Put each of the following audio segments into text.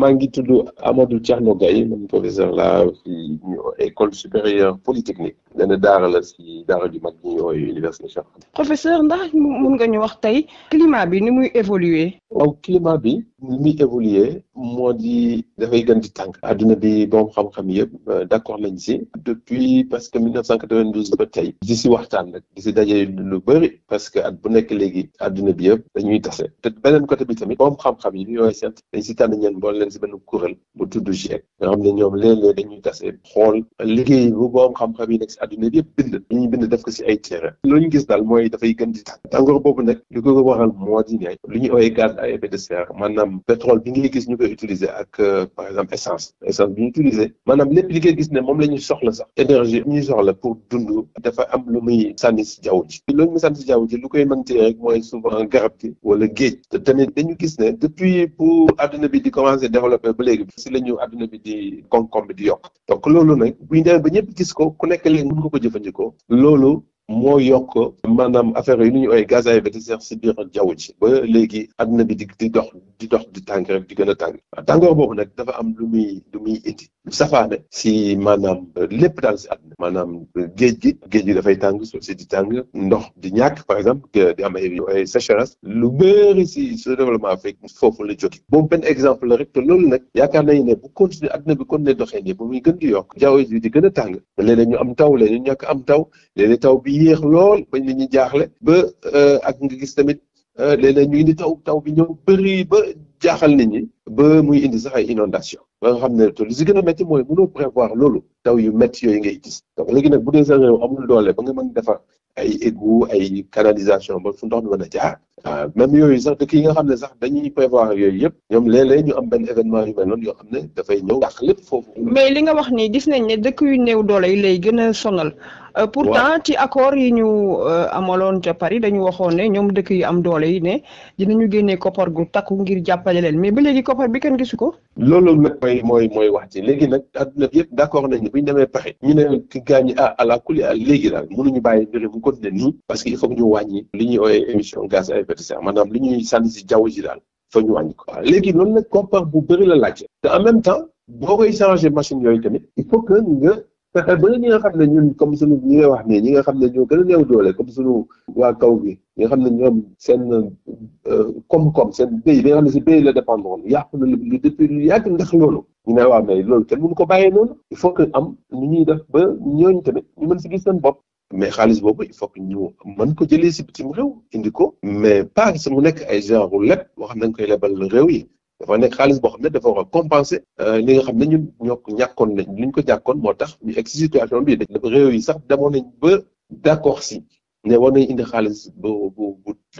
maa ngi tudd Amadou Thierno Gaye man professeur la fi école supérieure polytechnique lenn daara la si daara ju mag ñu ooyu université professeur ndax mun nga ñu wax tey climat bi ni muy évoluer waaw climat bi ni muy évoluer moo di dafay gën di tànk adduna bi boom xam-xam yëpp euh, d'accord lañ si depuis parce que 1992 ba tey di si waxtaan rek di si daje lu bëri parce que at bu nekk léegi adduna bi yëpp dañuy tase te beneen côté bi tamit boom xam-xam yi ñooy seet dañ si tànn ñeen bool leen si benn kuréel bu tudd GIEC nga xam ne ñoom léeg-léeg dañuy tase xool liggéey bu àdduna bi yëpp bind ñuy bind def ko si ay téere loolu ñu gis daal mooy dafay gën di tax tàngoor boobu nag li ko waral moo di ne lu ñuy ooyee gaz à effet de serre maanaam pétrole bi ngay gis ñu koy utiliser ak euh, par ne moom la soxla sax énergie bi ñuy soxla pour dund dafa am lu muy sànni si jaww ji loolu muy sànni si jaww ji lu koy mën rek mooy souvent garab gi wala géej te tamit gis ne depuis bu àdduna bi di commencé développer ba léegi si la ñu àdduna bi di koom-koom bi di yokk donc loolu nag bu ñu mun nga ko jëfandikoo loolu moo yokk maanaam affaire yi nu ñu ooy gaz à effet de serre si biir jaww ji ba léegi àdduna bi di di dox di dox di tàng rek di gën a tàng waaw tàngoor boobu nag dafa am lu muy lu muy safaane si maanaam lépp daal si àdduna maanaam géej gi géej gi dafay tàng suuf si di ndox di ñàkk par exemple di am ay sécheresse lu bëri si su développement Afrique foofu la jóge boobu benn exemple rek te loolu nag yaakaar nañu ne bu continuer àdduna bi continuer doxee nii ba muy gën di yokk jaww ji di gën a tàng léeg-léeg ñu am taw léeg-léeg am taw léeg-léeg taw bi yéex lool bañ nit ñi jaaxle ba euh, ak gis tamit euh, léeg ñu indi taw taw bi ñëw bëri ba jaaxal nit ñi ba muy indi sax ay inondation ba xam ne li si gën a métti mooy mënoo prévoir loolu taw yu métti yooyu ngay gis donc léegi nag bu dee sa réew amul doole ba nga mën defar ay égout ay canalisation ba fu ndox mi a jaar ah, yooyu sax dëkk yi nga xam ne sax dañuy prévoir yooyu yëpp ñoom léeg-léeg ñu foofu mais li nga wax nii gis nañ ne dëkk yu néew doole yi lay gën a sonal euh, pourtant ci accord yi ñu euh, amaloon ca Paris dañu waxoon ne ñoom dëkk yi am doole yi ne dinañu génnee koppar gu takku ngir jàppale leen mais ba léegi koppar bi kenn gisu ko loolu nag mooy mooy wax ci léegi nag adduna yëpp d'accord nañ ne bu ñu demee Paris ñu ne gaañ ah àla kuli léegi daal mënuñu bàyyi mbir mi ko continuer nii parce que si jaww ji daal fa ñu wàññi ko waaw léegi loolu nag koppar nga fexe ba ñi nga xam ne ñun comme suñu ñi nga wax nii ñi nga xam ne ñoo gën a doole comme suñu waa kaw bi ñi nga xam ne ñoom seen euh, koom-koom seen béy bi nga xam ne si béy la dépendre woon yàqu loolu ñu ne waa mais loolu kenn mënu ko bàyyee noonu il faut que am nu ñuy def ba ñooñu tamit ñu mën si gis seen bopp mais xaalis boobu il faut que ñu mën ko jëlee si bitim réew indi ko mais pas que mu nekk ay genre leb boo xam ne dañ koy lebal réew yi dafa nekk xaalis boo xam ne dafa war a compenser euh, li nga xam ne ñun ñoo ko ñàkkoon nañ li ñu ko ñàkkoon moo tax ñu egg si situation bi dafa réew yi sax demoon nañ ba d'accord si ne war nañ indi xaalis bu bu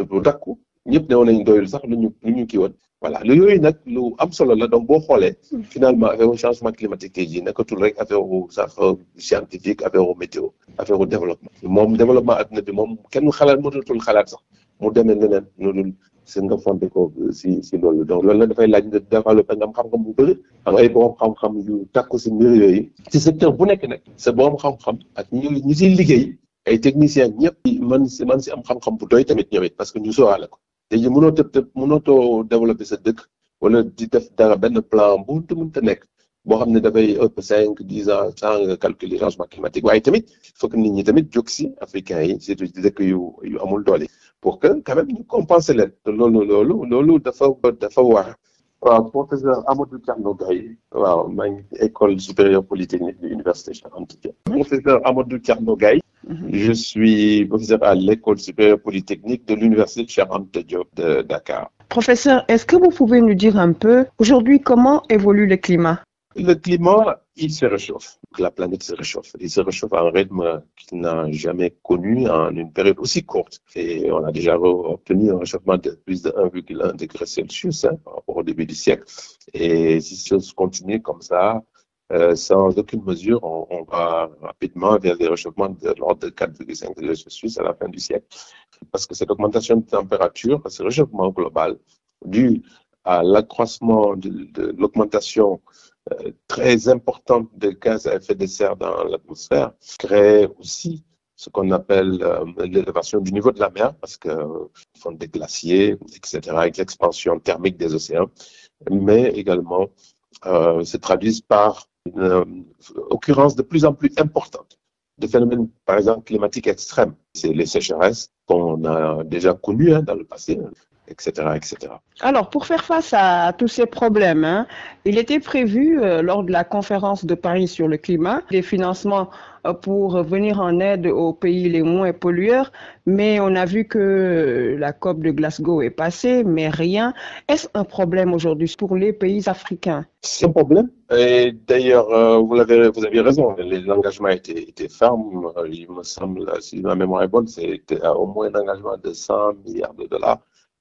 bu takku ñëpp ne woon nañ doyul sax lu ñu lu ñu kii woon voilà lu yooyu nag lu am solo la donc boo xoolee hmm. finalement affaire changement climatique tey jii nekkatul rek affaire sax euh, scientifique affaire météo affaire développement moom développement adduna bi moom kenn xalaat mënatul xalaat sax mu demee neneen nu dul si nga fonte ko euh, si si loolu donc loolu la dafay laaj nga développé nga am xam-xam bu bëri am ay borom xam-xam yu takku si mbir yooyu si secteur bu nekk nag se borom xam-xam ak ñu ñu siy liggéey ay techniciens ñëpp man si man si am xam-xam bu doy tamit ñëwit parce que ñu sóoraale ko tey jii mënoo tëb tëb mënoo too sa dëkk wala di def dara benn plan bu mënta nekk boo xam ne dafay ëpp cinq dix ans sans nga calculer changement tamit fokk nit ñi tamit jóg si africains yi surtout di dëkk yu yu amul doole pour que quand même ñu compenser leen te loolu loolu loolu dafa dafa war. waaw professeur Amadou Thierno Gaye waaw maa ngi école supérieure polytechnique de l'université Cheikh Anta professeur Amadou Thierno Gaye Mhm. Je suis professeur à l'École supérieure polytechnique de l'Université Charente Diop de Dakar. Professeur, est-ce que vous pouvez nous dire un peu aujourd'hui comment évolue le climat Le climat, se réchauffe. La planète se réchauffe. Il se réchauffe à un rythme qu'il n'a jamais connu en une période aussi courte. Et on a déjà obtenu un réchauffement de plus de 1,1 Celsius au début du siècle. Et si ça continue comme ça, euh, sans aucune mesure, on, on, va rapidement vers des réchauffements de l'ordre de 4,5 degrés à la fin du siècle. Parce que cette augmentation de température, ce réchauffement global, dû à l'accroissement de, de l'augmentation euh, très importante des gaz à effet de dans l'atmosphère, crée aussi ce qu'on appelle euh, l'élévation du niveau de la mer, parce que euh, font des glaciers, etc., avec l'expansion thermique des océans, mais également se traduisent une euh, occurrence de plus en plus importante de phénomènes, par exemple, climatiques extrêmes. C'est les sécheresses qu'on a déjà connues hein, dans le passé, etc., etc. Alors, pour faire face à tous ces problèmes, il était prévu euh, lors de la conférence de Paris sur le climat des financements euh, pour venir en aide aux pays les moins pollueurs, mais on a vu que euh, la COP de Glasgow est passée, mais rien. Est-ce un problème aujourd'hui pour les pays africains C'est problème. Euh, si ma mémoire est bonne, c'était au moins un de milliards de dollars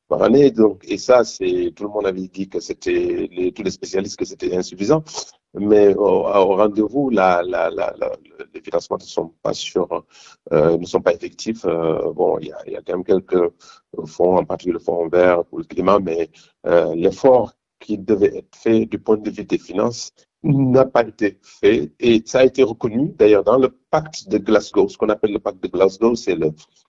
par année. Donc, et ça, c'est tout le monde avait dit que c'était tous les spécialistes que c'était insuffisant. Mais au, rendez-vous, les financements ne sont pas sûrs, euh, ne sont pas effectifs. Euh, il y a, quelques fonds, en particulier le fonds vert pour le climat, mais euh, l'effort qui devait être fait du point de vue des finances n'a pas été fait et ça a été reconnu d'ailleurs dans le pacte de Glasgow. Ce qu'on appelle le pacte de Glasgow, c'est le,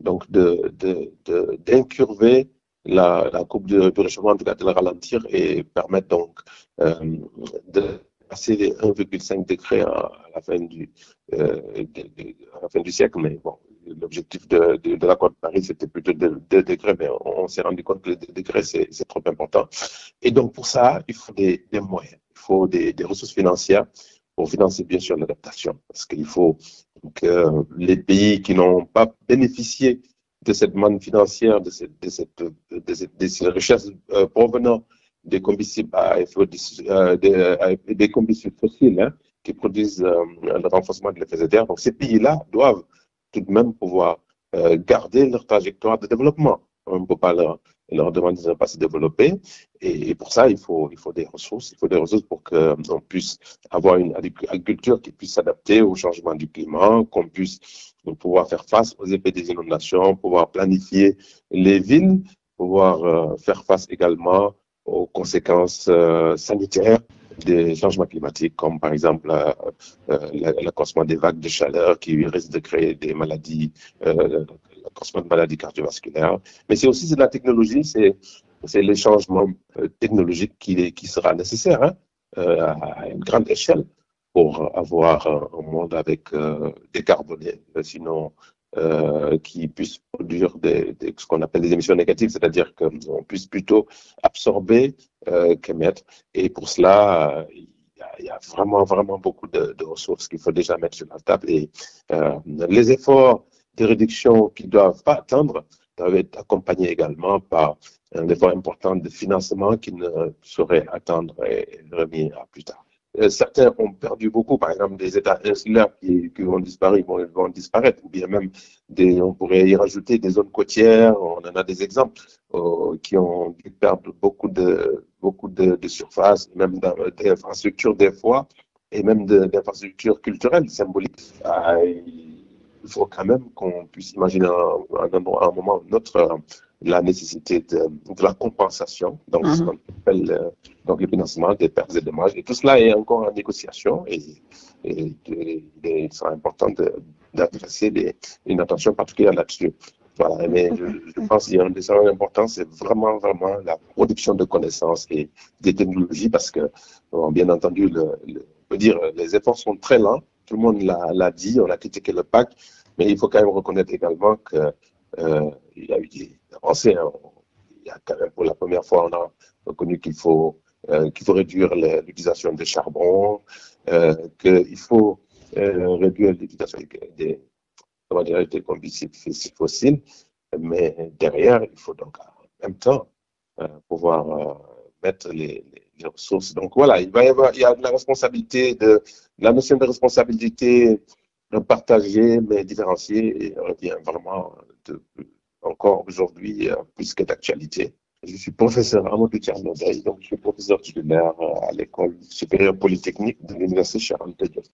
donc de d'incurver de, de, la, la courbe de, de, réchauffement, en tout cas de la ralentir et permettre donc euh, de passer les 1,5 degrés à, à, la fin du, euh, à la fin du siècle. Mais l'objectif de, de, l'accord de Paris, c'était plutôt 2 degrés, mais on, on s'est rendu compte que les 2 degrés, c'est trop important. Et donc pour ça, il faut des, des moyens, il faut des, des ressources financières pour financer bien sûr l'adaptation, parce qu'il faut que euh, les pays qui n'ont pas bénéficié de cette manne financière, de cette, de cette, de euh, provenant des combustibles, à effet, euh, des, des, fossiles qui produisent le renforcement de l'effet Donc ces pays-là doivent tout de même pouvoir garder leur trajectoire de développement. On ne peut pas leur, leur demande de ne pas se développer. Et, et, pour ça, il faut, il faut des ressources. Il faut des ressources pour qu'on euh, puisse avoir une agriculture qui puisse s'adapter au changement du climat, qu'on puisse faire face aux effets des inondations, pouvoir planifier les villes, pouvoir euh, faire face également aux conséquences euh, sanitaires des changements climatiques, comme par exemple euh, l'accroissement des vagues de chaleur qui risque de créer des maladies cancers de maladies cardiovasculaires. Mais c'est aussi de la technologie, c'est c'est les changements euh, technologiques qui, sera nécessaire euh, à une grande échelle pour avoir un monde avec euh, décarboné, euh, sinon qui puisse produire des, émissions négatives, c'est-à-dire qu'on puisse plutôt absorber qu'émettre. Et pour cela, il y, a vraiment, beaucoup de ressources qu'il faut déjà mettre sur la table. Et les efforts des réductions qui ne doivent pas attendre doivent être également par un effort important de financement qui ne saurait attendre et remis à plus tard. Euh, certains ont perdu beaucoup, par exemple des États insulaires qui, vont disparaître, ou bien même des, en a des exemples euh, qui ont dû perdre beaucoup de, beaucoup même d'infrastructures des fois, et même d'infrastructures culturelles symboliques. À, ah, il faut quand même qu'on puisse imaginer à un, un, un, moment ou un autre euh, la nécessité de, de, la compensation, donc mm -hmm. ce mhm. qu'on appelle euh, donc le financement des pertes et dommages. Et tout cela est encore en négociation et, il sera important d'adresser une attention particulière là-dessus. Voilà, mais je, je pense qu'il y a un des important, c'est vraiment, vraiment la production de connaissances et des technologies parce que, bon, bien entendu, le, le, dire, les efforts sont très lents, tout le monde l'a dit, on a critiqué le PAC, Mais il faut quand même reconnaître également qu'il euh, y a eu des avancées. Hein. Il y a quand pour la première fois, on a reconnu qu'il faut, réduire l'utilisation des charbon, qu'il faut réduire l'utilisation des, combustibles fossiles. Mais derrière, il faut donc en même temps euh, pouvoir euh, mettre les, ressources. il, y a de la notion de responsabilité partager, mais différencier, et revient vraiment de, encore aujourd'hui euh, plus que d'actualité. Je suis professeur à Montpellier, donc je suis professeur titulaire euh, à l'école supérieure polytechnique de l'université Charente Dieu.